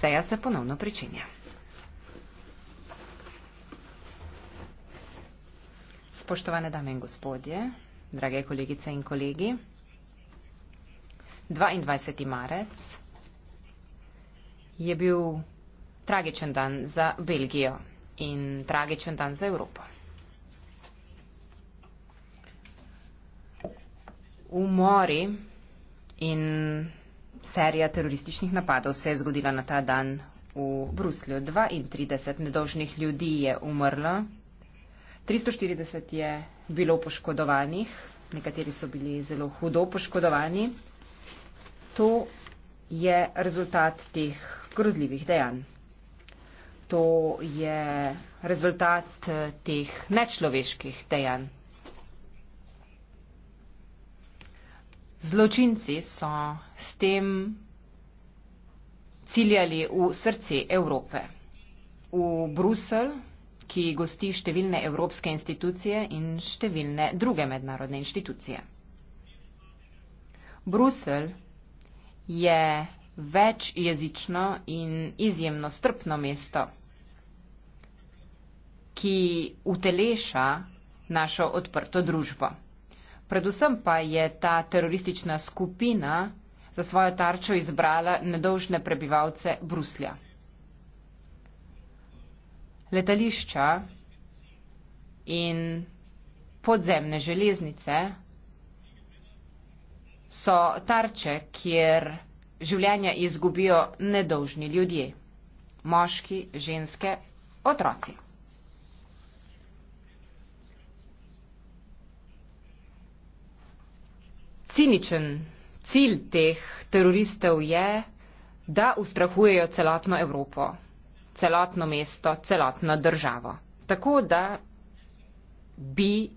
Seja se ponovno pričenja. Spoštovane dame in gospodje, drage kolegice in kolegi, 22. marec je bil tragičen dan za Belgijo in tragičen dan za Evropo. Umori in serija terorističnih napadov se je zgodila na ta dan v Bruslju. 32 nedožnih ljudi je umrlo, 340 je bilo poškodovanih, nekateri so bili zelo hudo poškodovani. To je rezultat teh grozljivih dejanj. To je rezultat eh, teh nečloveških dejanj. Zločinci so s tem ciljali v srce Evrope, v Bruselj, ki gosti številne evropske institucije in številne druge mednarodne institucije. Bruselj je večjezično in izjemno strpno mesto, ki uteleša našo odprto družbo. Predvsem pa je ta teroristična skupina za svojo tarčo izbrala nedolžne prebivalce Bruslja. Letališča in podzemne železnice so tarče, kjer življenja izgubijo nedolžni ljudje, moški, ženske, otroci. ciničen cilj teh teroristov je, da ustrahujejo celotno Evropo, celotno mesto, celotno državo. Tako da bi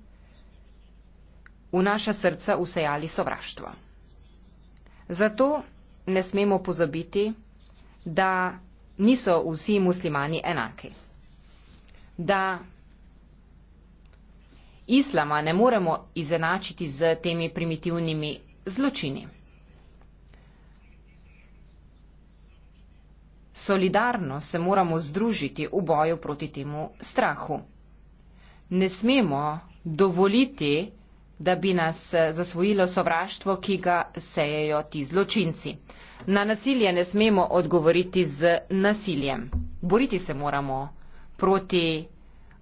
v naša srca usajali sovraštvo. Zato ne smemo pozabiti, da niso vsi muslimani enaki. Da islama ne moremo izenačiti z temi primitivnimi zločini. Solidarno se moramo združiti v boju proti temu strahu. Ne smemo dovoliti, da bi nas eh, zasvojilo sovraštvo, ki ga sejejo ti zločinci. Na nasilje ne smemo odgovoriti z nasiljem. Boriti se moramo proti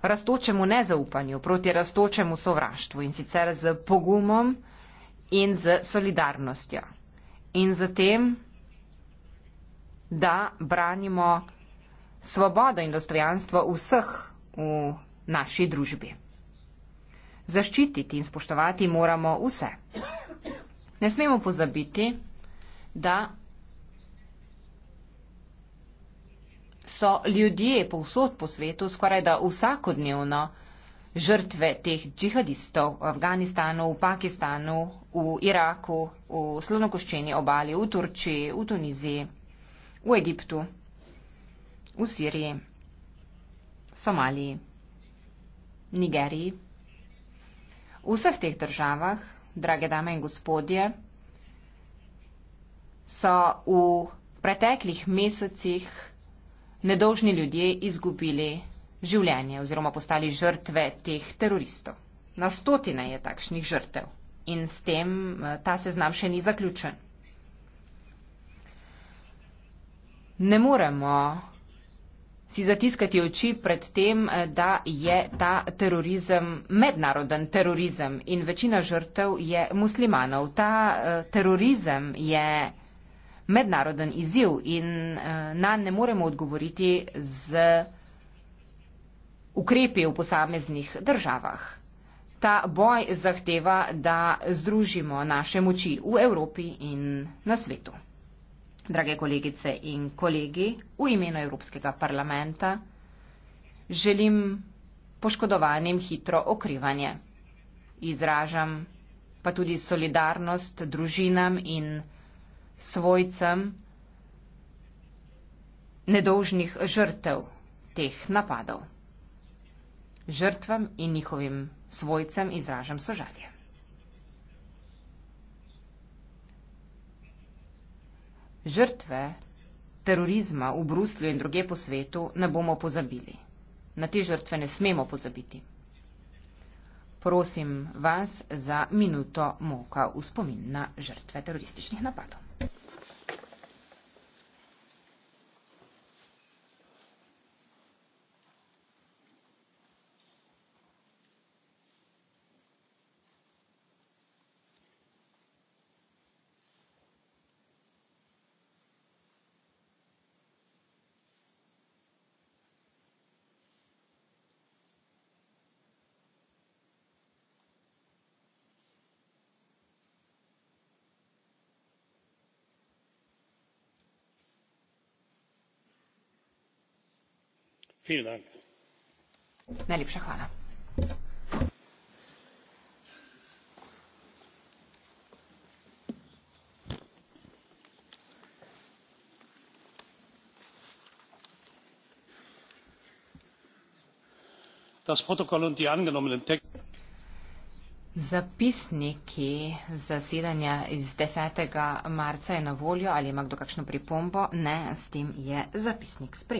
rastočemu nezaupanju, proti rastočemu sovraštvu in sicer z pogumom in z solidarnostjo. In zatem, da branimo svobodo in dostojanstvo vseh v naši družbi. Zaščititi in spoštovati moramo vse. Ne smemo pozabiti, da so ljudje povsod po svetu skoraj da vsakodnevno žrtve teh džihadistov v Afganistanu, v Pakistanu, v Iraku, v slonokoščeni obali, v Turčiji, v Tuniziji, v Egiptu, v Siriji, Somaliji, Nigeriji. V vseh teh državah, drage dame in gospodje, so v preteklih mesecih nedolžni ljudje izgubili življenje oziroma postali žrtve teh teroristov. Na stotine je takšnih žrtev in s tem eh, ta seznam še ni zaključen. Ne moremo si zatiskati oči pred tem, eh, da je ta terorizem mednaroden terorizem in večina žrtev je muslimanov. Ta eh, terorizem je mednaroden izziv in eh, na ne moremo odgovoriti z ukrepi v posameznih državah. Ta boj zahteva, da združimo naše moči v Evropi in na svetu. Drage kolegice in kolegi, v imenu Evropskega parlamenta želim poškodovanim hitro okrivanje. Izražam pa tudi solidarnost družinam in svojcem nedolžnih žrtev teh napadov. Žrtvam in njihovim svojcem izražam sožalje. Žrtve terorizma v Bruslju in druge po svetu ne bomo pozabili. Na te žrtve ne smemo pozabiti. Prosim vas za minuto moka v spomin na žrtve terorističnih napadov. najlepša hvala. zapisniki zasedanja iz 10. marca je na voljo ali ima kdo kakšno pripombo ne s tem je zapisnik sprejet